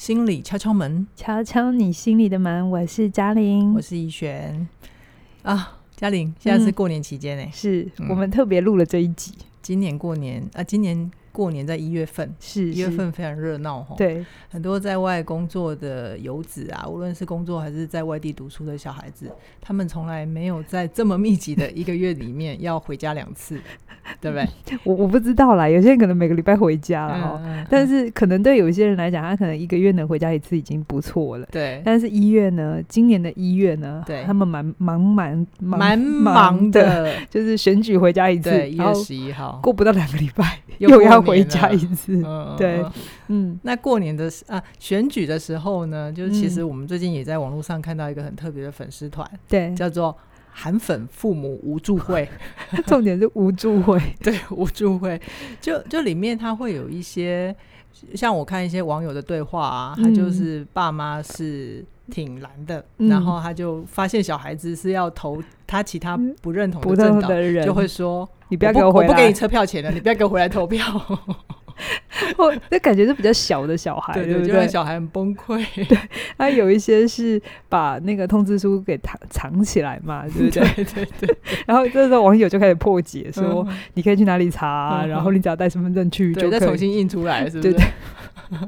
心理敲敲門，敲敲你心裡的門。我是嘉玲，我是逸璇。啊，嘉玲，現在是過年期間呢，欸嗯，是，嗯，我們特別錄了這一集。今年過年啊，今年。過年在一月份，是一是月份非常熱鬧，對，很多在外工作的遊子啊，無論是工作還是在外地讀書的小孩子，他們從來沒有在這麼密集的一個月裡面要回家兩次， 對不對？我我不知道啦，有些人可能每個禮拜回家了哈，嗯、但是可能對有些人來講，他可能一個月能回家一次已經不錯了。對，但是一月呢，今年的一月呢，對他們蠻忙、蠻忙、蠻忙的，的就是選舉回家一次，一月十一號，過不到兩個禮拜又要。回家一次，嗯、對，嗯，那過年的時啊，選舉的時候呢，就是其實我們最近也在網絡上看到一個很特別的粉絲團，對、嗯，叫做“韓粉父母無助會”，對 重點是無助會， 對，無助會，就就裡面他會有一些，像我看一些網友的對話啊，嗯、他就是爸媽是挺藍的，嗯、然後他就發現小孩子是要投他其他不認同的政黨，不懂的人就會說。你不要給我回來！我不，我不給你車票錢了， 你不要給我回來投票。我、哦、那感覺是比較小的小孩， 對，對不對？就讓小孩很崩潰。對，然、啊、有一些是把那個通知書給藏藏起來嘛，對不對？ 對，對，對對。然後這時候網友就開始破解說，說、嗯、你可以去哪裡查、啊？嗯嗯然後你只要帶身份證去就可以，就再重新印出來，是不是？對對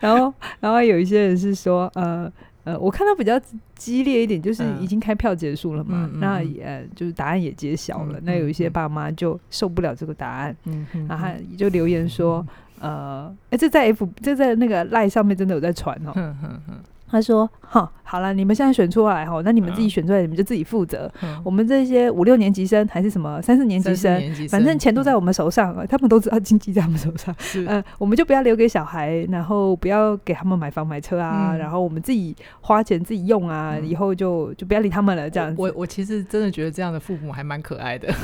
然後，然後有一些人是說，呃。呃、我看到比較激烈一點，就是已經開票結束了嘛，嗯、那也、嗯、就是答案也揭曉了，嗯、那有一些爸媽就受不了這個答案，嗯嗯、然後就留言說，嗯、呃誒，這在 F，這在那個賴上面真的有在傳哦。呵呵呵他說：“好，好了，你們現在選出來，哦、喔，那你們自己選出來，嗯、你們就自己負責。嗯、我們這些五六年級生還是什麼三四年級生，級生反正錢都在我們手上，嗯、他們都知道經濟在我們手上。嗯是、呃，我們就不要留給小孩，然後不要給他們買房買車啊，嗯、然後我們自己花錢自己用啊，嗯、以後就就不要理他們了。這樣子我，我我其實真的覺得這樣的父母還蠻可愛的。 ”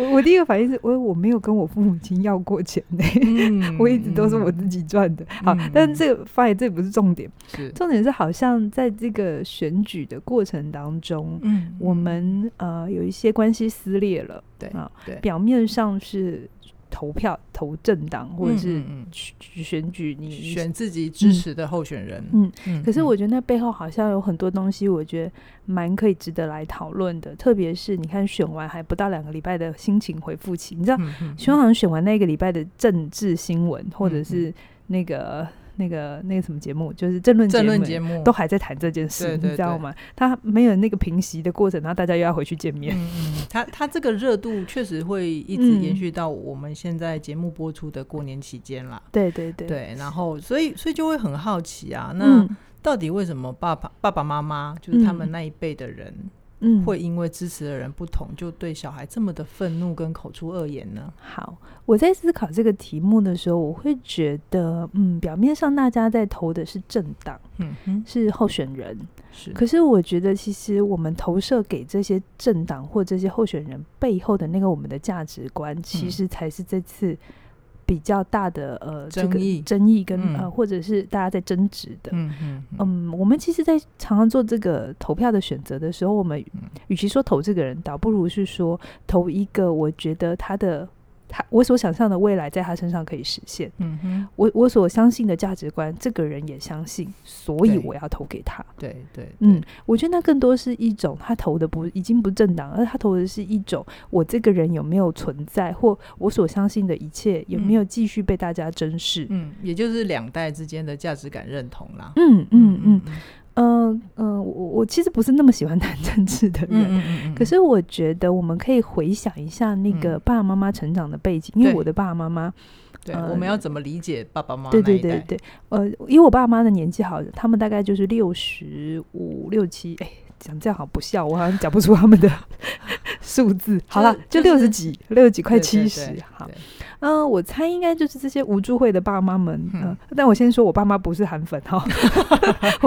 我我第一個反應是我，我我沒有跟我父母親要過錢呢，嗯、 我一直都是我自己賺的。嗯、好，嗯、但是這個發現這不是重點，嗯、重點是好像在這個選舉的過程當中，嗯是，我們呃有一些關係撕裂了，對啊，好對表面上是。投票投政黨，或者是選舉你選自己支持的候選人。嗯，嗯嗯可是我覺得那背後好像有很多東西，我覺得蠻可以值得來討論的。特別是你看選完還不到兩個禮拜的心情恢復期，你知道選好、嗯嗯、選完那個禮拜的政治新聞，嗯嗯、或者是那個。那個那個什麼節目，就是政論節目，政論節目都還在談這件事，對對對，你知道嗎？他沒有那個平息的過程，然後大家又要回去見面。嗯，嗯他他這個熱度確實會一直延續到我們現在節目播出的過年期間啦，嗯。對對對，對，然後所以所以就會很好奇啊，那到底為什麼爸爸、嗯、爸爸媽媽就是他們那一輩的人？嗯嗯，會因為支持的人不同，就對小孩這麼的憤怒跟口出惡言呢？好，我在思考這個題目的時候，我會覺得，嗯，表面上大家在投的是政黨，嗯哼，是候選人，是，可是我覺得，其實我們投射給這些政黨或這些候選人背後的那個我們的價值觀，嗯，其實才是這次。比較大的呃爭議，這個爭議跟、嗯、呃，或者是大家在爭執的。嗯嗯，嗯，我們其實，在常常做這個投票的選擇的時候，我們與其說投這個人，倒不如是說投一個，我覺得他的。他我所想象的未來在他身上可以實現，嗯哼，我我所相信的價值觀，這個人也相信，所以我要投給他，對對，對對嗯，我覺得那更多是一種他投的不已經不是政黨了，而他投的是一種我這個人有沒有存在，或我所相信的一切有沒有繼續被大家珍視，嗯，也就是兩代之間的價值感認同啦，嗯嗯嗯。嗯嗯嗯嗯嗯、呃呃，我我其實不是那麼喜歡談政治的人，嗯嗯嗯，可是我覺得我們可以回想一下那個爸爸媽媽成長的背景，嗯、因為我的爸爸媽媽，對，呃、對，我們要怎麼理解爸爸媽媽？對對對對，呃，因為我爸媽的年紀好，他們大概就是六十五六七，哎，講這樣好不笑，我好像講不出他們的數 字，好了，就、就是、就六十幾，六十幾快七十，好。嗯、呃，我猜應該就是這些無助會的爸媽們。嗯、呃，但我先說，我爸媽不是韓粉哈。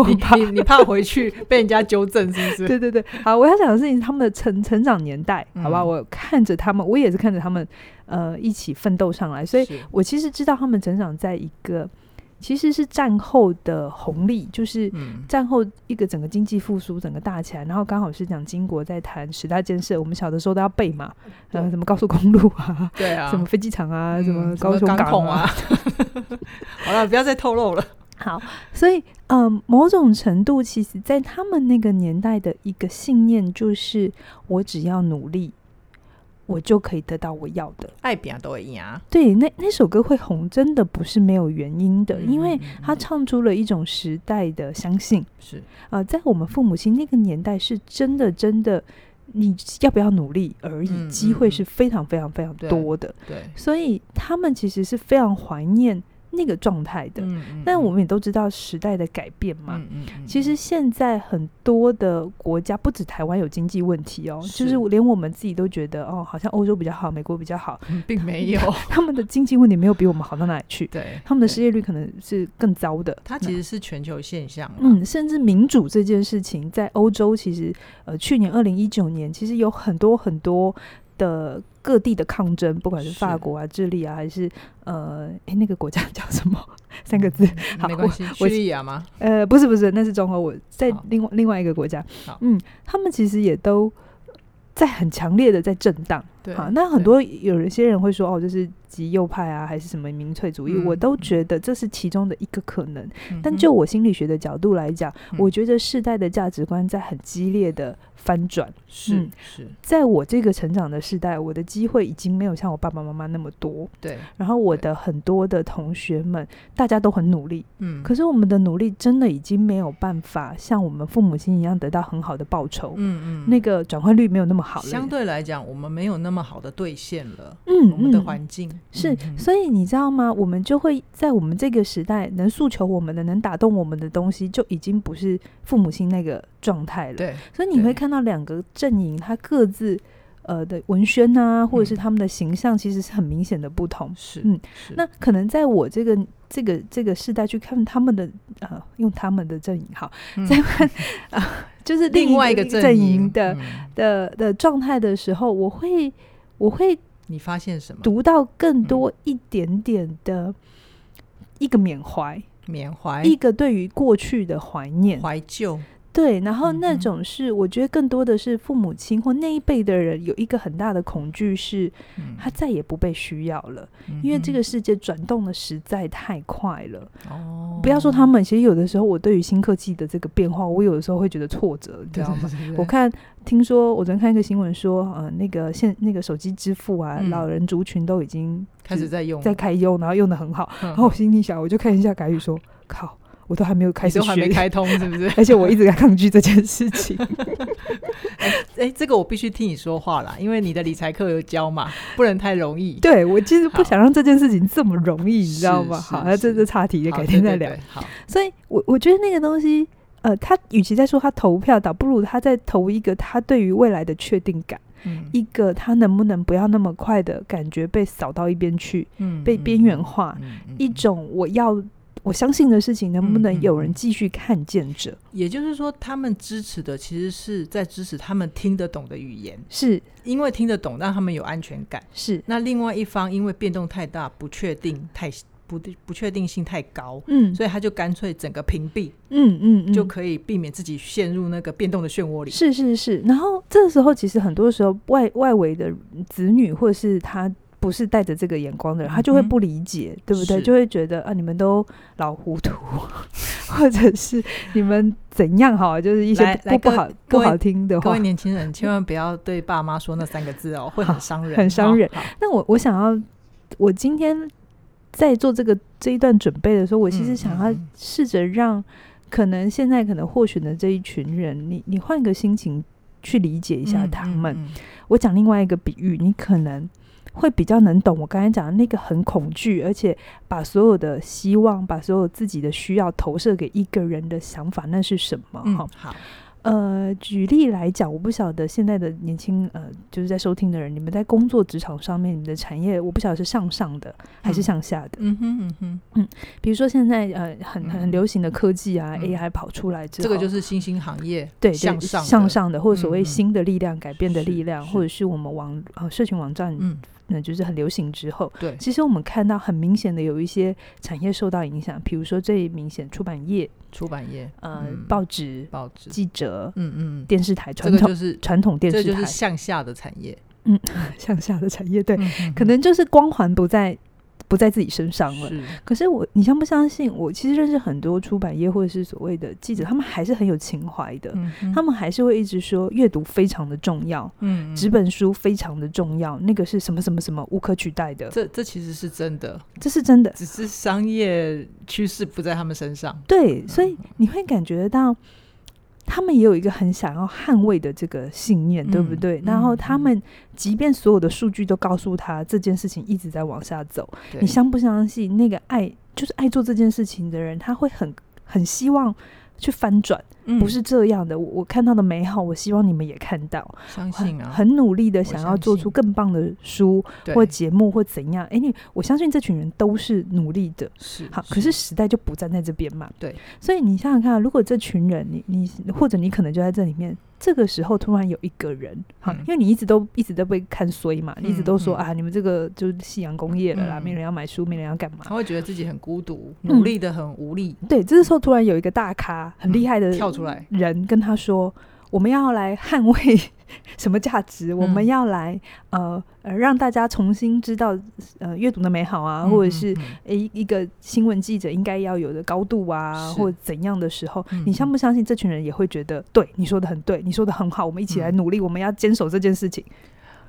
你怕，你怕回去被人家糾正是不是？ 對對對。好，我要講的事情是他們的成成長年代，嗯、好吧？我看着他們，我也是看着他們，呃，一起奮鬥上來，所以我其實知道他們成長在一個。其實是戰後的紅利，就是戰後一個整個經濟復甦，整個大起來，然後剛好是講經國在談十大建設，我們小的時候都要背嘛，嗯、呃，什麼高速公路啊，對啊，什麼飛機場啊，嗯、什麼高雄港啊，啊 好了，不要再透露了。好，所以嗯、呃，某種程度，其實在他們那個年代的一個信念，就是我只要努力。我就可以得到我要的。愛拚才會贏啊！對，那那首歌會紅，真的不是沒有原因的，嗯、因為他唱出了一種時代的相信。是啊、呃，在我們父母親那個年代，是真的，真的，你要不要努力而已，機、嗯、會是非常非常非常多的。對，對所以他們其實是非常懷念那個狀態的，嗯嗯、但我們也都知道時代的改變嘛。嗯嗯嗯、其實現在很多的國家，不止台灣有經濟問題哦，是就是連我們自己都覺得哦，好像歐洲比較好，美國比較好，嗯、並沒有，他們的經濟問題沒有比我們好到哪裡去。 對，他們的失業率可能是更糟的。對那它其實是全球現象。嗯，甚至民主這件事情，在歐洲其實，呃，去年二零一九年，其實有很多很多，呃，各地的抗爭，不管是法國啊、智利啊，還是呃，哎、欸，那個國家叫什麼、嗯、三個字？好，沒關係，敘利亞我嗎？呃，不是不是，那是中國。我在另外另外一個國家。好嗯，好他們其實也都在很強烈的在震盪。好對、啊，那很多有一些人會說對哦，這是極右派啊，還是什麼民粹主義？嗯、我都覺得這是其中的一個可能。嗯、但就我心理學的角度來講，嗯、我覺得世代的價值觀在很激烈的翻轉。是是、嗯，在我這個成長的世代，我的機會已經沒有像我爸爸媽媽那麼多。對。然後我的很多的同學們，大家都很努力。嗯對。可是我們的努力真的已經沒有辦法像我們父母親一樣得到很好的報酬。嗯嗯。嗯，那個轉換率沒有那麼好。相對來講，我們沒有那。那麼好的兌現了，嗯，嗯我們的環境是，嗯、哼所以你知道嗎？我們就會在我們這個時代，能訴求我們的、能打動我們的東西，就已經不是父母親那個狀態了。對，所以你會看到兩個陣營，他各自呃的文宣啊，或者是他們的形象，其實是很明顯的不同。嗯嗯、是，嗯，那可能在我這個這個這個世代去看他們的呃、啊，用他們的陣營好。在看、嗯、啊。 就是另，另外一個陣營的的的狀態的時候，嗯、我會我會你發現什麼？讀到更多一點點的一個緬懷，緬懷、嗯、一個對於過去的懷念，懷舊。對，然後那種是，嗯、哼我覺得更多的是父母親或那一輩的人有一個很大的恐懼，是，他再也不被需要了，嗯、哼因為這個世界轉動的實在太快了。哦，不要說他們，其實有的時候我對於新科技的這個變化，我有的時候會覺得挫折，你知道嗎？我看聽說我昨天看一個新聞說，呃，那個現那個手機支付啊，嗯、老人族群都已經開始在用，在開用，然後用得很好，嗯、哼然後我心裡想，我就看一下改語說，靠。我都還沒有開始學，都還沒開通，是不是？ 而且我一直在抗拒這件事情 欸。哎、欸，這個我必須聽你說話了，因為你的理財課有教嘛，不能太容易。對，我其實不想讓這件事情這麼容易，好你知道嗎？是是是，好，那這這岔題，就改天再聊。好，對對對，好，所以，我我覺得那個東西，呃，他與其在說他投票倒不如他在投一個他對於未來的確定感，嗯、一個他能不能不要那麼快的感覺被掃到一邊去，嗯，被邊緣化，嗯、一種我要。我相信的事情能不能有人繼續看見着？嗯嗯。也就是說，他們支持的其實是在支持他們聽得懂的語言，是因為聽得懂，讓他們有安全感。是那另外一方，因為變動太大不太，嗯不，不確定太不不確定性太高，嗯，所以他就乾脆整個屏蔽，嗯嗯，嗯嗯就可以避免自己陷入那個變動的漩渦裡。是是是。然後這時候，其實很多時候外外圍的子女或是他。不是帶着這個眼光的人，他就會不理解，對不對？就會覺得啊，你們都老糊塗，或者是你們怎樣？好，就是一些不不好不好聽的話。各位年輕人，千萬不要對爸媽說那三個字哦，會很傷人，很傷人。那我我想要，我今天在做這個這一段準備的時候，我其實想要試着讓可能現在可能獲選的這一群人，你你換個心情去理解一下他們。我講另外一個比喻，你可能。會比較能懂我剛才講的那個很恐懼，而且把所有的希望、把所有自己的需要投射給一個人的想法，那是什麼？哈、嗯，呃，舉例來講，我不曉得現在的年輕呃，就是在收聽的人，你們在工作職場上面，你們的產業，我不曉得是向上，上的還是向下的。嗯，嗯，嗯哼嗯哼嗯，比如說現在呃，很很流行的科技啊、嗯、，AI 跑出來之後，這個就是新興行業對，對，向上向上的，嗯、或者所謂新的力量、嗯、改變的力量，是或者是我們網呃，社群網站，嗯。那就是很流行之後，對，其實我們看到很明顯的有一些產業受到影響，比如說最明顯出版業、出版業，呃，嗯、報紙、報紙、記者，嗯嗯，嗯電視台，傳統就是傳統電視台，就是向下的產業，嗯，向下的產業，對，嗯、哼可能就是光環不在，不在自己身上了，是可是我，你相不相信？我其實認識很多出版業或者是所謂的記者，嗯、他們還是很有情懷的，嗯、哼他們還是會一直說閱讀非常的重要，嗯,嗯，紙本書非常的重要，那個是什麼什麼什麼無可取代的？這這其實是真的，這是真的，只是商業趨勢不在他們身上。對，所以你會感覺到。嗯嗯他們也有一個很想要捍衛的這個信念，對不對？嗯，然後他們即便所有的數據都告訴他這件事情一直在往下走，對你相不相信那個愛，就是愛做這件事情的人，他會很很希望去翻轉。不是這樣的，我看到的美好，我希望你們也看到。相信啊，很努力的想要做出更棒的書或節目或怎樣。哎，你我相信這群人都是努力的，是好。可是時代就不站在這邊嘛。對，所以你想想看，如果這群人，你你或者你可能就在這裡面，這個時候突然有一個人，好，因為你一直都一直在被看衰嘛，你一直都說啊，你們這個就是夕陽工業了啦，沒人要買書，沒人要幹嘛，他會覺得自己很孤獨，努力的很無力。對，這個時候突然有一個大咖，很厲害的跳。人跟他說：“我們要來捍衛什麼價值？嗯、我們要來呃，讓大家重新知道呃，閱讀的美好啊，嗯嗯嗯或者是一、欸、一個新聞記者應該要有的高度啊，是或者怎樣的時候，你相不相信？這群人也會覺得，對，你說的很對，你說的很好，我們一起來努力，嗯、我們要堅守這件事情。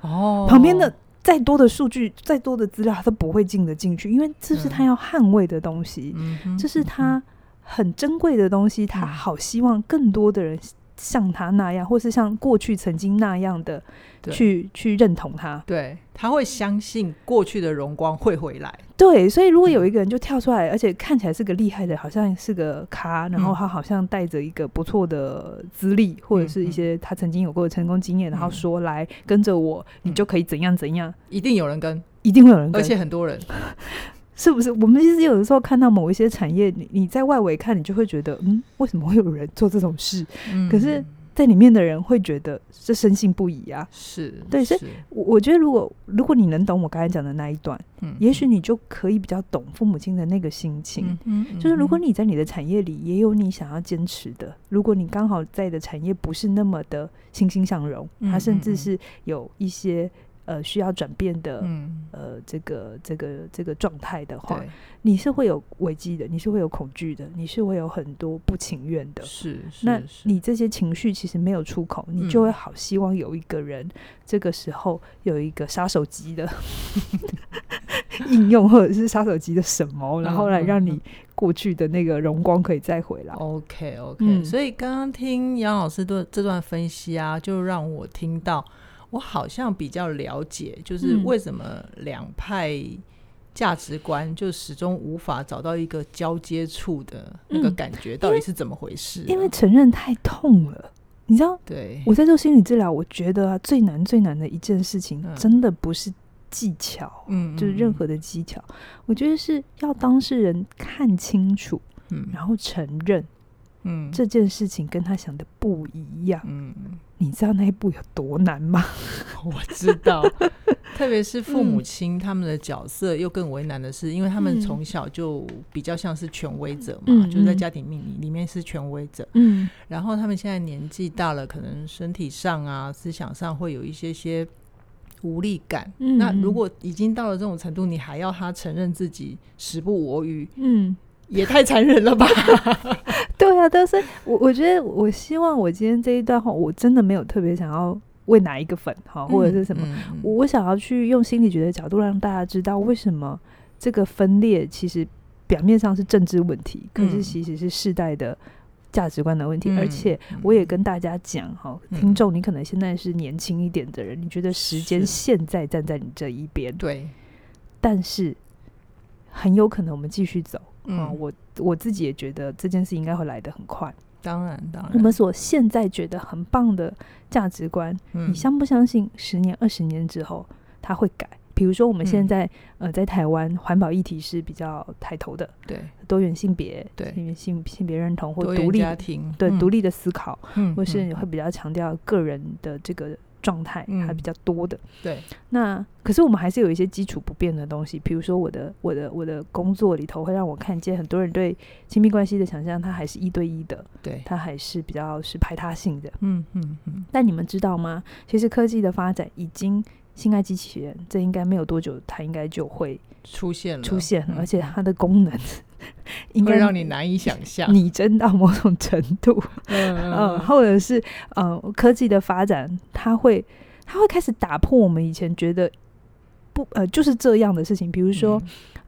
哦，旁邊的再多的數據、再多的資料，他都不會進得進去，因為這是他要捍衛的東西，嗯嗯嗯嗯這是他。”很珍貴的東西，他好希望更多的人像他那樣，嗯、或是像過去曾經那樣的去對去認同他。對，他會相信過去的榮光會回來。對，所以如果有一個人就跳出來，嗯、而且看起來是個厲害的，好像是個咖，然後他好像帶着一個不錯的資歷，嗯、或者是一些他曾經有過的成功經驗，嗯、然後說來跟着我，你就可以怎樣怎樣，嗯、一定有人跟，一定會有人，跟，而且很多人。 是不是？我們其實有的時候看到某一些產業，你你在外圍看，你就會覺得，嗯，為什麼會有人做這種事？嗯，可是在裡面的人會覺得是深信不疑啊。是，是，對，所以我我覺得，如果如果你能懂我剛才講的那一段，嗯，也許你就可以比較懂父母親的那個心情。嗯，嗯，嗯，就是如果你在你的產業裡也有你想要堅持的，如果你剛好在的產業不是那麼的欣欣向榮，它甚至是有一些。呃，需要轉變的，嗯、呃，這個、這個、這個狀態的話，對你是會有危機的，你是會有恐懼的，你是會有很多不情願的。是，是，那你這些情緒其實沒有出口，你就會好希望有一個人，這個時候有一個殺手級的、嗯、 應用，或者是殺手級的什麼， 然後來讓你過去的那個榮光可以再回來。OK，OK Okay, okay,、嗯。所以剛剛聽楊老師的這段分析啊，就讓我聽到。我好像比較了解，就是為什麼兩派價值觀就始終無法找到一個交接處的那個感覺，到底是怎麼回事？嗯，因為，因為承認太痛了，你知道？對，我在做心理治療，我覺得、啊、最難最難的一件事情，真的不是技巧，嗯、就是任何的技巧，嗯、我覺得是要當事人看清楚，嗯，然後承認。嗯，這件事情跟他想的不一樣。嗯，你知道那一步有多難嗎？我知道， 特別是父母親他們的角色又更為難的是，因為他們從小就比較像是權威者嘛，嗯、就是在家庭裡裡面是權威者。嗯，然後他們現在年紀大了，嗯、可能身體上啊、思想上會有一些些無力感。嗯、那如果已經到了這種程度，你還要他承認自己時不我予，嗯，也太殘忍了吧。 對啊，但是、啊、我我覺得我希望我今天這一段話，我真的沒有特別想要為哪一個粉哈或者是什麼，嗯嗯、我想要去用心理學的角度讓大家知道為什麼這個分裂其實表面上是政治問題，嗯、可是其實是世代的價值觀的問題。嗯、而且我也跟大家講哈，聽眾，你可能現在是年輕一點的人，嗯、你覺得時間現在站在你這一邊對，但是很有可能我們繼續走。嗯,嗯,嗯，我我自己也覺得這件事應該會來得很快。當然，當然，我們所現在覺得很棒的價值觀，嗯、你相不相信十年、二十年之後它會改？比如說，我們現在、嗯、呃，在台灣環保議題是比較抬頭的，對，多元性別，對，因為性性別認同或獨立家庭，對，嗯、獨立的思考，嗯、或是你會比較強調個人的這個。狀態還比較多的，嗯、對。那可是我們還是有一些基礎不變的東西，比如說我的我的我的工作裡頭會讓我看見很多人對親密關係的想象，它還是一對一的，對，它還是比較是排他性的。嗯嗯嗯。嗯嗯，但你們知道嗎？其實科技的發展已經性愛機器人，這應該沒有多久，它應該就會出現了，出現了，而且它的功能、嗯。應該讓你難以想象，擬 真到某種程度，嗯，嗯，或者是呃，科技的發展，它會，它會開始打破我們以前覺得不呃，就是這樣的事情。比如說，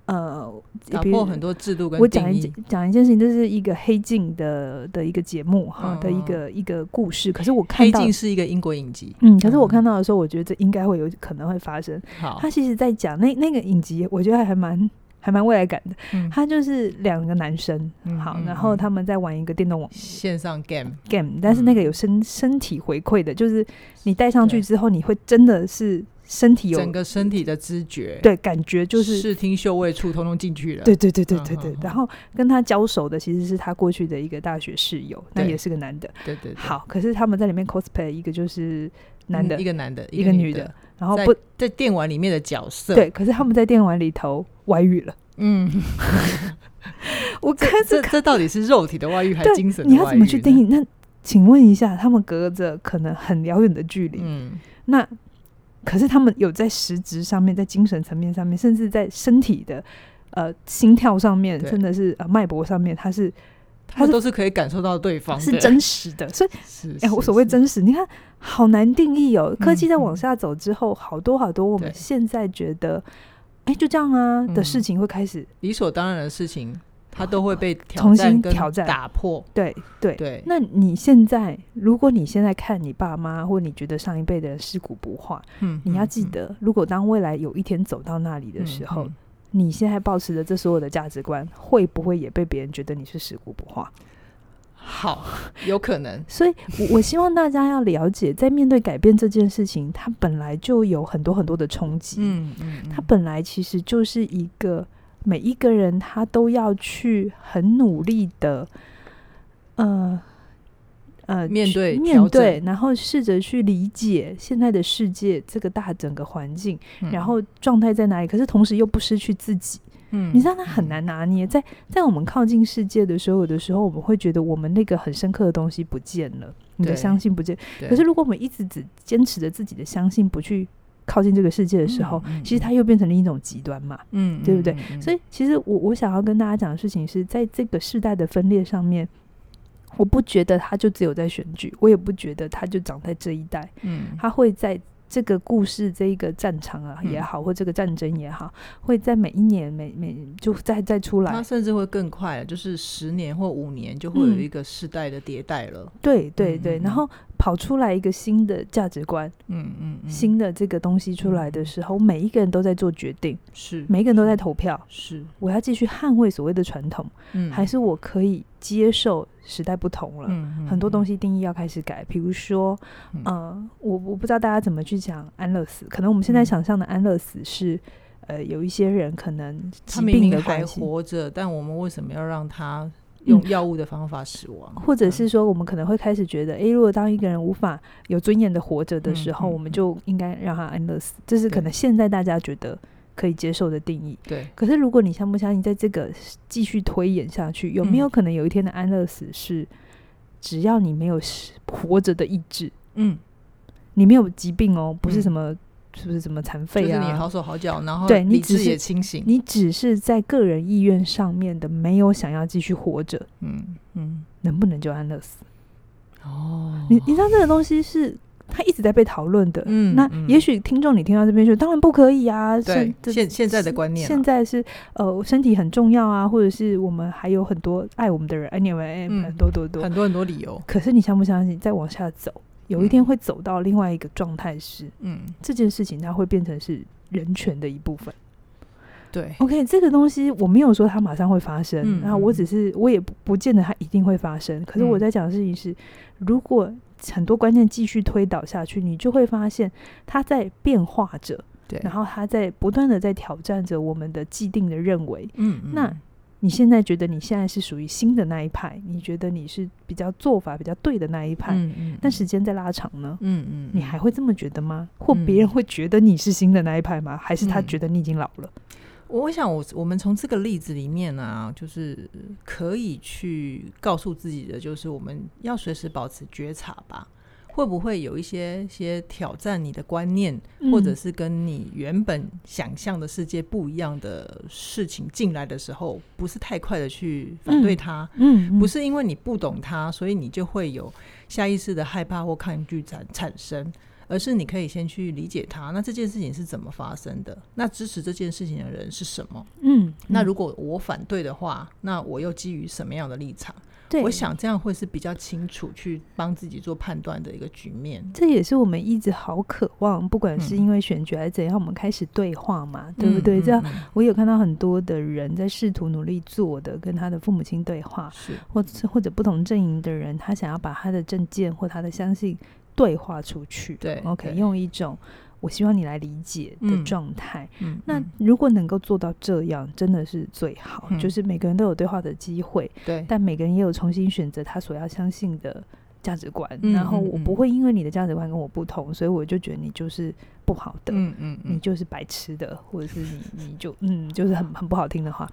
呃，打破很多制度跟。我講一講講一件事情，這是一個黑鏡的的一個節目哈、呃嗯、的一個一個故事。可是我看到黑鏡是一個英國影集，嗯，可是我看到的時候，我覺得這應該會有可能會發生。嗯、好，他其實在，在講那那個影集，我覺得還蠻。還蠻未來感的，他就是兩個男生，好，然後他們在玩一個電動網線上 game game，但是那個有身身體回饋的，就是你戴上去之後，你會真的是身體有整個身體的知覺，對，感覺就是視聽嗅味觸通通進去了，對對對對對對。然後跟他交手的其實是他過去的一個大學室友，那也是個男的，對對對。好，可是他們在裡面 cosplay 一個就是。男的，嗯，一個男的，一個女的，一個女的，然後不在電玩裡面的角色，對，可是他們在電玩裡頭外遇了。嗯，我開始看這到底是肉體的外遇還是精神的？你要怎麼去定義？那請問一下，他們隔着可能很遙遠的距離，嗯，那可是他們有在實質上面，在精神層面上面，甚至在身體的呃心跳上面，甚至對是呃脈搏上面，他是。他都是可以感受到對方他是，對，是真實的，所以哎，無是所謂真實。你看，好難定義哦。是是科技在往下走之後，好多好多，我們現在覺得哎、嗯，就這樣啊的事情，會開始、嗯、理所當然的事情，它都會被、哦、重新挑戰、打破。對對對。那你現在，如果你現在看你爸媽，或你覺得上一輩的人食古不化，嗯，你要記得，嗯嗯、如果當未來有一天走到那裡的時候。嗯嗯你現在抱持的這所有的價值觀，會不會也被別人覺得你是食古不化？好，有可能。 所以我，我希望大家要了解，在面對改變這件事情，它本來就有很多很多的衝擊。嗯。嗯嗯，它本來其實就是一個每一個人他都要去很努力的，呃。呃，面對面對，然後試着去理解現在的世界這個大整個環境，嗯、然後狀態在哪裡？可是同時又不失去自己，嗯，你知道他很難拿捏。嗯、在在我們靠近世界的時候，有的時候我們會覺得我們那個很深刻的東西不見了，你的相信不見。對可是如果我們一直只堅持着自己的相信，不去靠近這個世界的時候，嗯、其實它又變成了一種極端嘛，嗯，對不對？嗯嗯嗯、所以其實我我想要跟大家講的事情是在這個世代的分裂上面。我不覺得他就只有在選舉，我也不覺得他就長在這一代，嗯，他會在這個故事這個戰場啊也好，嗯、或這個戰爭也好，會在每一年每每就再再出來，他甚至會更快，就是十年或五年就會有一個世代的迭代了，嗯、對對對，嗯嗯然後。跑出來一個新的價值觀，嗯嗯，新的這個東西出來的時候，每一個人都在做決定，是，每一個人都在投票，是，我要繼續捍衛所謂的傳統，嗯，還是我可以接受時代不同了，很多東西定義要開始改，比如說，嗯，我我不知道大家怎麼去講安樂死，可能我們現在想象的安樂死是，呃，有一些人可能他明明還活着，但我們為什麼要讓他？用藥物的方法死亡，嗯、或者是說，我們可能會開始覺得，誒、欸，如果當一個人無法有尊嚴的活着的時候，嗯嗯嗯、我們就應該讓他安樂死，對這是可能現在大家覺得可以接受的定義。對，可是如果你相不相信，在這個繼續推演下去，有沒有可能有一天的安樂死是只要你沒有活着的意志，嗯，你沒有疾病哦，不是什麼。嗯是不是怎麼殘廢啊？就是你好手好腳，然後對你自己也清醒你。你只是在個人意願上面的，沒有想要繼續活着、嗯。嗯嗯，能不能就安樂死？哦，你你知道這個東西是他一直在被討論的嗯。嗯，那也許聽眾你聽到這邊說當然不可以啊。對像現現在的觀念、啊，現在是呃身體很重要啊，或者是我們還有很多愛我們的人，anyway，嗯，多多，多很多很多理由。可是你相不相信？再往下走。有一天會走到另外一個狀態時，嗯，這件事情它會變成是人權的一部分。對，OK，這個東西我沒有說它馬上會發生，嗯、然後我只是我也不見得它一定會發生。嗯、可是我在講的事情是，如果很多觀念繼續推導下去，你就會發現它在變化着，對，然後它在不斷的在挑戰着我們的既定的認為，嗯，嗯，那。你現在覺得你現在是屬於新的那一派？你覺得你是比較做法比較對的那一派？嗯嗯，但時間在拉長呢，嗯嗯，你還會這麼覺得嗎？或別人會覺得你是新的那一派嗎？還是他覺得你已經老了？嗯，我想，我我們從這個例子裡面呢、啊，就是可以去告訴自己的，就是我們要隨時保持覺察吧。會不會有一些些挑戰你的觀念，嗯、或者是跟你原本想象的世界不一樣的事情進來的時候，不是太快的去反對它？嗯，嗯嗯，不是因為你不懂它，所以你就會有下意識的害怕或抗拒產產生。而是你可以先去理解他，那這件事情是怎麼發生的？那支持這件事情的人是什麼？嗯，嗯那如果我反對的話，那我又基於什麼樣的立場？對，我想這樣會是比較清楚去幫自己做判斷的一個局面。這也是我們一直好渴望，不管是因為選舉還是怎樣，我們開始對話嘛，嗯、對不對？這樣、嗯嗯、我有看到很多的人在試圖努力做的，跟他的父母親對話，是，或者或者不同陣營的人，他想要把他的政見或他的相信，對話出去，對，OK，用一種我希望你來理解的狀態。嗯、那如果能夠做到這樣，嗯、真的是最好。嗯、就是每個人都有對話的機會，對，但每個人也有重新選擇他所要相信的。價值觀，然後我不會因為你的價值觀跟我不同，嗯、所以我就覺得你就是不好的，嗯嗯，嗯嗯，你就是白痴的，或者是你你就嗯，就是很很不好聽的話。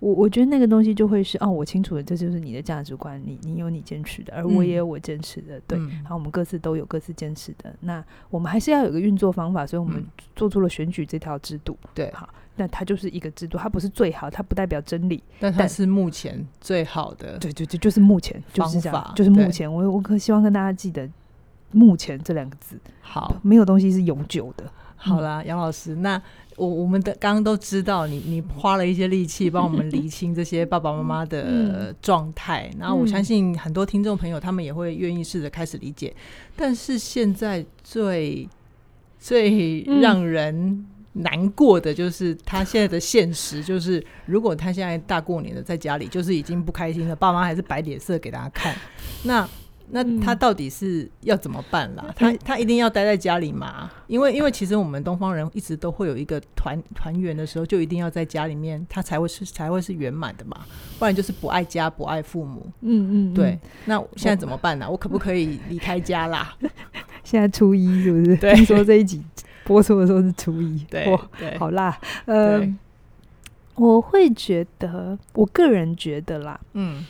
我我覺得那個東西就會是，哦，我清楚的，這就是你的價值觀，你你有你堅持的，而我也有我堅持的，嗯、對，然後，我們各自都有各自堅持的。嗯、那我們還是要有一個運作方法，所以我們做出了選舉這條制度，對，好。那它就是一個制度，它不是最好，它不代表真理，但它是目前最好的方法。對，對對對，就是目前就是這樣，就是目前。對我我可希望跟大家記得“目前”這兩個字。好，沒有東西是永久的。好啦，嗯、楊老師，那我我們的剛剛都知道，你你花了一些力氣幫我們釐清這些爸爸媽媽的狀態， 嗯、然後我相信很多聽眾朋友他們也會願意試着開始理解。但是現在最最讓人、嗯。難過的就是他現在的現實，就是如果他現在大過年的在家裡，就是已經不開心了，爸媽還是擺臉色給他看。那那他到底是要怎麼辦啦？嗯、他他一定要待在家裡嗎？因為因為其實我們東方人一直都會有一個團團圓的時候，就一定要在家裡面，他才會是才會是圓滿的嘛。不然就是不愛家不愛父母。嗯嗯，嗯對。那現在怎麼辦啦？我，我可不可以離開家啦？現在初一是不是？對，聽說這一集。我什麼時候是初一？對。好啦，呃，對我會覺得，我個人覺得啦，嗯，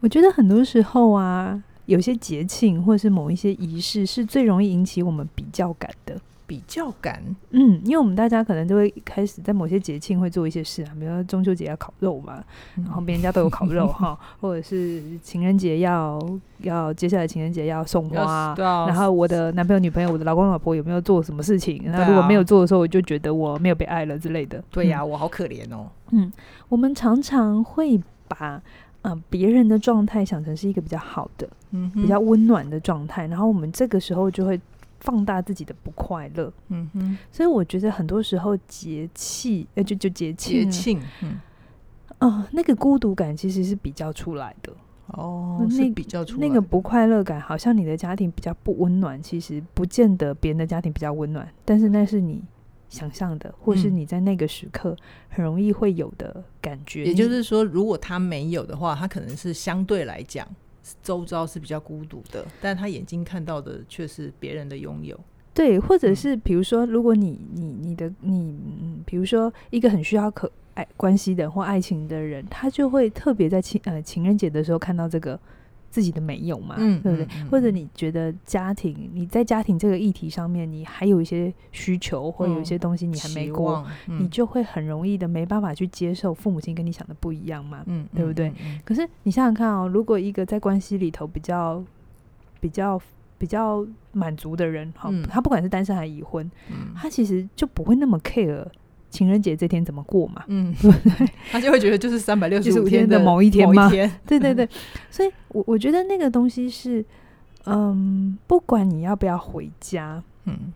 我覺得很多時候啊，有些節慶或是某一些儀式，是最容易引起我們比較感的。比較感，嗯，因為我們大家可能就會開始在某些節慶會做一些事啊，比如說中秋節要烤肉嘛，嗯、然後別人家都有烤肉哈， 或者是情人節要要接下來情人節要送花，yes, 然後我的男朋友、女朋友、我的老公、老婆有沒有做什麼事情？那如果沒有做的時候，我就覺得我沒有被愛了之類的。對呀、啊，嗯、我好可憐哦。嗯，我們常常會把嗯、呃、別人的狀態想成是一個比較好的，嗯哼，比較溫暖的狀態，然後我們這個時候就會。放大自己的不快樂，嗯哼，所以我覺得很多時候節氣，呃，就就節慶。節慶，嗯、哦，那個孤獨感其實是比較出來的，哦，那是比較出來的那個不快樂感，好像你的家庭比較不溫暖，其實不見得別人的家庭比較溫暖，但是那是你想象的，或是你在那個時刻很容易會有的感覺、嗯。也就是說，如果他沒有的話，他可能是相對來講，週遭是比較孤獨的，但他眼睛看到的卻是別人的擁有。對，或者是比如說，如果你你你的你，嗯，比如說一個很需要可愛關係的或愛情的人，他就會特別在情呃情人節的時候看到這個。自己的沒有嘛，嗯、對不對？嗯嗯、或者你覺得家庭，你在家庭這個議題上面，你還有一些需求，或者有一些東西你還沒過，嗯、你就會很容易的沒辦法去接受父母親跟你想的不一樣嘛，嗯、對不對？嗯嗯嗯、可是你想想看哦，如果一個在關係裡頭比較、比較、比較滿足的人，好、哦，嗯、他不管是單身還已婚，嗯、他其實就不會那麼 care。情人節這天怎麼過嘛？嗯， 他就會覺得就是三百六十五天的某一天，嘛，某一天 對對對，所以，我我覺得那個東西是，嗯，不管你要不要回家，嗯，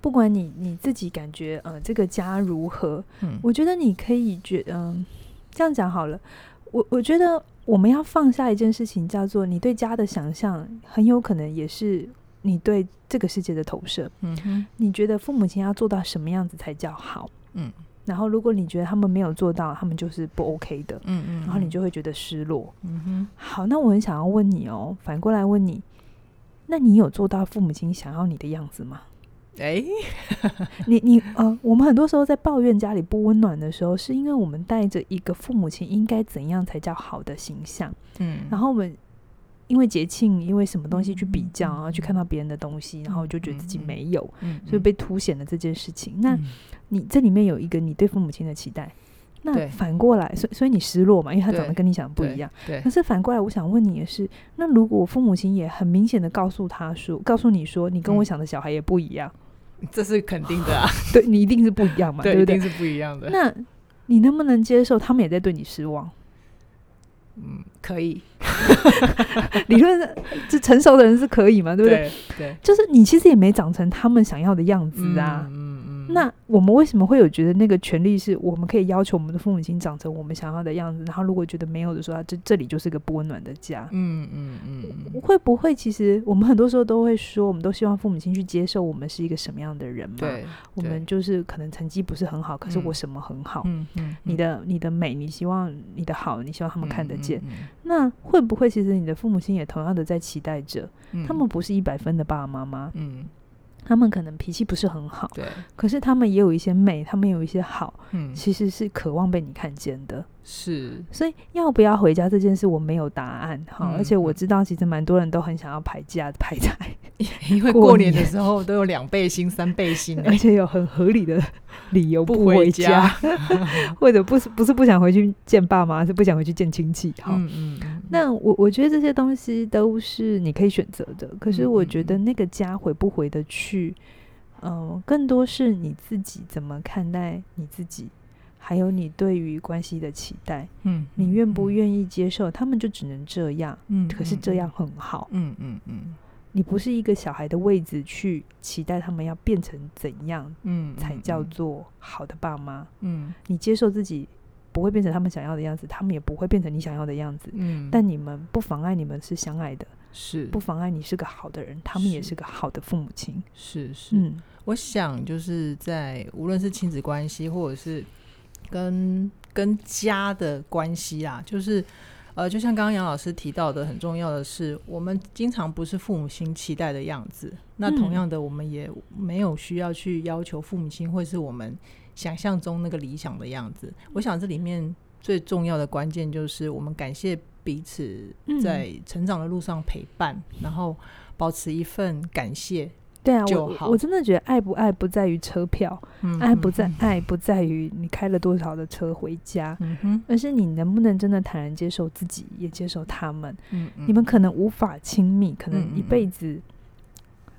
不管你你自己感覺，呃，這個家如何，嗯，我覺得你可以覺得，嗯，這樣講好了。我我覺得我們要放下一件事情，叫做你對家的想象，很有可能也是。你對這個世界的投射，嗯哼，你覺得父母親要做到什麼樣子才叫好？嗯，然後如果你覺得他們沒有做到，他們就是不 OK 的，嗯嗯嗯，然後你就會覺得失落，嗯哼。好，那我很想要問你哦，反過來問你，那你有做到父母親想要你的樣子嗎？哎， 你你呃、嗯，我們很多時候在抱怨家裡不溫暖的時候，是因為我們帶着一個父母親應該怎樣才叫好的形象，嗯，然後我們。因為節慶，因為什麼東西去比較啊、嗯、然後去看到別人的東西，然後就覺得自己沒有，所以、嗯嗯、被凸顯了這件事情。嗯、那你這裡面有一個你對父母親的期待，嗯、那反過來，所以所以你失落嘛？因為他長得跟你想的不一樣，對。對對可是反過來，我想問你的是，那如果父母親也很明顯的告訴他說，告訴你說，你跟我想的小孩也不一樣，嗯、這是肯定的啊。 對，你一定是不一樣嘛？對不對？對，對對一定是不一樣的。那你能不能接受他們也在對你失望？嗯，可以， 理論，這成熟的人是可以嘛， 對不對？對，對就是你其實也沒長成他們想要的樣子啊。嗯那我們為什麼會有覺得那個權利是我們可以要求我們的父母親長成我們想要的樣子？然後如果覺得沒有的時候，這這裡就是個不溫暖的家。嗯嗯嗯嗯，嗯嗯會不會其實我們很多時候都會說，我們都希望父母親去接受我們是一個什麼樣的人嘛對？對，我們就是可能成績不是很好，可是我什麼很好。嗯嗯，嗯嗯嗯你的你的美，你希望你的好，你希望他們看得見。嗯嗯嗯、那會不會其實你的父母親也同樣的在期待着？嗯、他們不是一百分的爸爸媽媽。嗯。他們可能脾氣不是很好，對，可是他們也有一些美，他們也有一些好，嗯、其實是渴望被你看見的，是。所以要不要回家這件事，我沒有答案哈、嗯。而且我知道，其實蠻多人都很想要排假排假，因為過年的時候都有兩倍薪、三倍薪、欸，而且有很合理的理由不回家，不回家 或者不是不是不想回去見爸媽，是不想回去見親戚嗯。嗯。那我我覺得這些東西都是你可以選擇的，可是我覺得那個家回不回得去，嗯，嗯、呃，更多是你自己怎麼看待你自己，還有你對於關係的期待，嗯，嗯，你願不願意接受，嗯、他們就只能這樣，嗯，嗯，可是這樣很好，嗯嗯嗯，嗯嗯嗯，你不是一個小孩的位置去期待他們要變成怎樣，嗯，嗯才叫做好的爸媽，嗯，你接受自己。不會變成他們想要的樣子，他們也不會變成你想要的樣子。嗯，但你們不妨礙你們是相愛的，是不妨礙你是個好的人，他們也是個好的父母親。是是，是是嗯，我想就是在無論是親子關係，或者是跟跟家的關係啊，就是呃，就像剛剛楊老師提到的，很重要的是，我們經常不是父母親期待的樣子。那同樣的，我們也沒有需要去要求父母親，或者是我們。想象中那個理想的樣子，我想這裡面最重要的關鍵就是我們感謝彼此在成長的路上陪伴，嗯、然後保持一份感謝就好。對啊，我我真的覺得，愛不愛不在於車票，嗯哼哼愛，愛不在愛不在於你開了多少的車回家，嗯、哼而是你能不能真的坦然接受自己，也接受他們。嗯、哼你們可能無法親密，可能一輩子、嗯。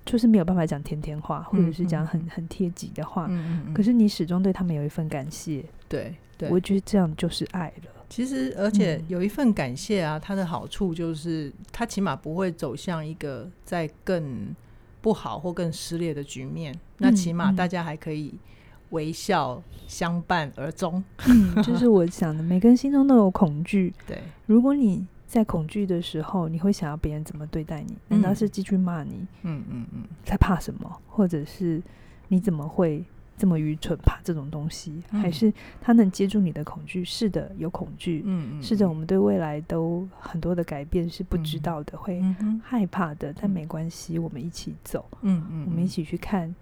就是沒有辦法講甜甜話，或者是講很、嗯、很貼己的話。嗯嗯、可是你始終對他們有一份感謝，對，對我覺得這樣就是愛了。其實，而且有一份感謝啊，嗯、它的好處就是，它起碼不會走向一個在更不好或更撕裂的局面。嗯、那起碼大家還可以微笑相伴而終。嗯、 就是我想的，每個人心中都有恐懼。對，如果你。在恐懼的時候，你會想要別人怎麼對待你？難道是繼續罵你？嗯嗯嗯，在怕什麼？或者是你怎麼會這麼愚蠢，怕這種東西？還是他能接住你的恐懼？是的，有恐懼。嗯，是的，我們對未來都很多的改變是不知道的，會害怕的，但沒關係，我們一起走。嗯，我們一起去看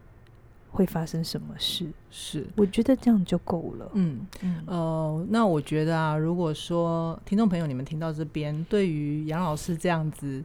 會發生什麼事。是，我覺得這樣就夠了。嗯嗯，呃。那我覺得啊，如果說聽眾朋友你們聽到這邊，對於楊老師這樣子，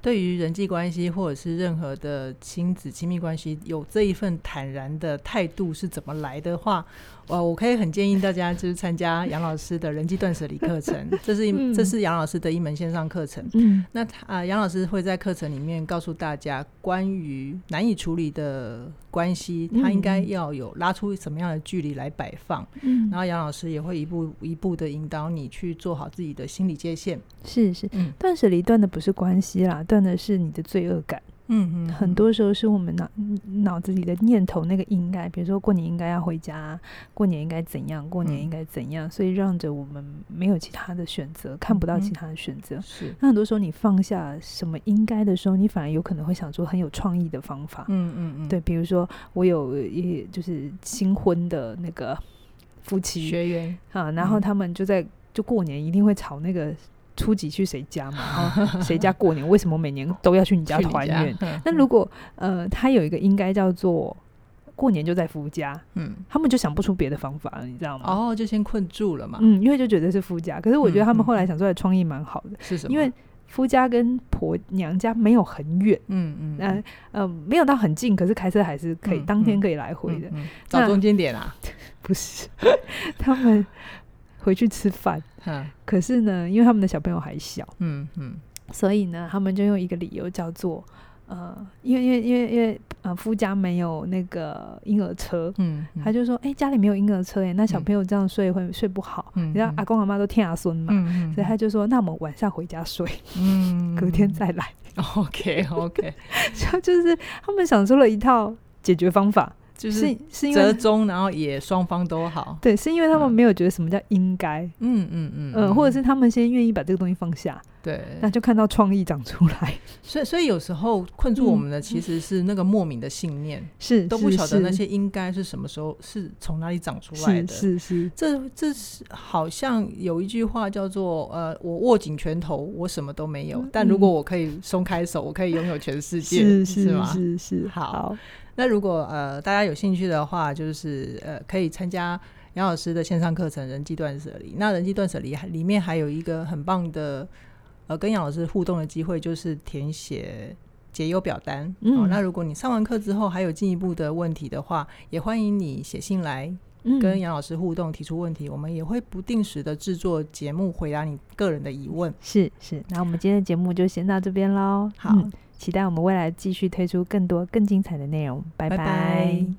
對於人際關係或者是任何的親子親密關係，有這一份坦然的態度是怎麼來的話，我、啊、我可以很建議大家就是參加楊老師的人際斷捨離課程， 這是一這是楊老師的一門線上課程。嗯，那啊楊老師會在課程裡面告訴大家關於難以處理的。關係，他應該要有拉出什麼樣的距離來擺放，嗯、然後楊老師也會一步一步的引導你去做好自己的心理界限。是是，嗯、斷捨離斷的不是關係啦，斷的是你的罪惡感。嗯嗯，很多時候是我們腦腦子裡的念頭，那個應該，比如說過年應該要回家，過年應該怎樣，過年應該怎樣，嗯、所以讓着我們沒有其他的選擇，看不到其他的選擇。嗯、是，那很多時候你放下什麼應該的時候，你反而有可能會想出很有創意的方法。嗯嗯嗯，對，比如說我有一就是新婚的那個夫妻學員啊，然後他們就在就過年一定會吵那個。初幾去誰家嘛？誰家過年？ 為什麼每年都要去你家團圓？那如果呃，他有一個應該叫做過年就在夫家，嗯，他們就想不出別的方法了，你知道嗎？哦，就先困住了嘛。嗯，因為就覺得是夫家。可是我覺得他們後來想出來創意蠻好的，是什麼？嗯、因為夫家跟婆娘家沒有很遠、嗯，嗯嗯，那呃，呃沒有到很近，可是開車還是可以當天可以來回的。找、嗯嗯嗯嗯、中間點啊？那 不是， 他們。回去吃飯，呵可是呢，因為他們的小朋友還小，嗯，嗯所以呢，他們就用一個理由叫做呃，因為因為因為因為呃，夫家沒有那個嬰兒車，嗯，嗯他就說，誒、欸，家裡沒有嬰兒車，哎，那小朋友這樣睡會睡不好，嗯，你知道，嗯嗯阿公阿媽都疼阿孫嘛，嗯嗯所以他就說，那我們晚上回家睡，嗯，隔天再來、嗯、 ，OK OK， 就就是他們想出了一套解決方法。就是是因為折中，然後也雙方都好。對，是因為他們沒有覺得什麼叫應該。嗯嗯嗯。嗯，或者是他們先願意把這個東西放下，對，那就看到創意長出來。所以，所以有時候困住我們的其實是那個莫名的信念，是都不曉得那些應該是什麼時候是從哪裡長出來的。是是。這這是好像有一句話叫做：“呃，我握緊拳頭，我什麼都沒有；但如果我可以鬆開手，我可以擁有全世界。”是是嗎？是是好。那如果呃大家有興趣的話，就是呃可以參加楊老師的線上課程《人際斷捨離》。那人《人際斷捨離》還裡面還有一個很棒的呃跟楊老師互動的機會，就是填寫解憂表單。嗯、哦，那如果你上完課之後還有進一步的問題的話，也歡迎你寫信來跟楊老師互動，提出問題。嗯、我們也會不定時的製作節目回答你個人的疑問。是是，那我們今天的節目就先到這邊嘍。嗯、好。期待我們未來繼續推出更多更精彩的內容，拜拜。拜拜。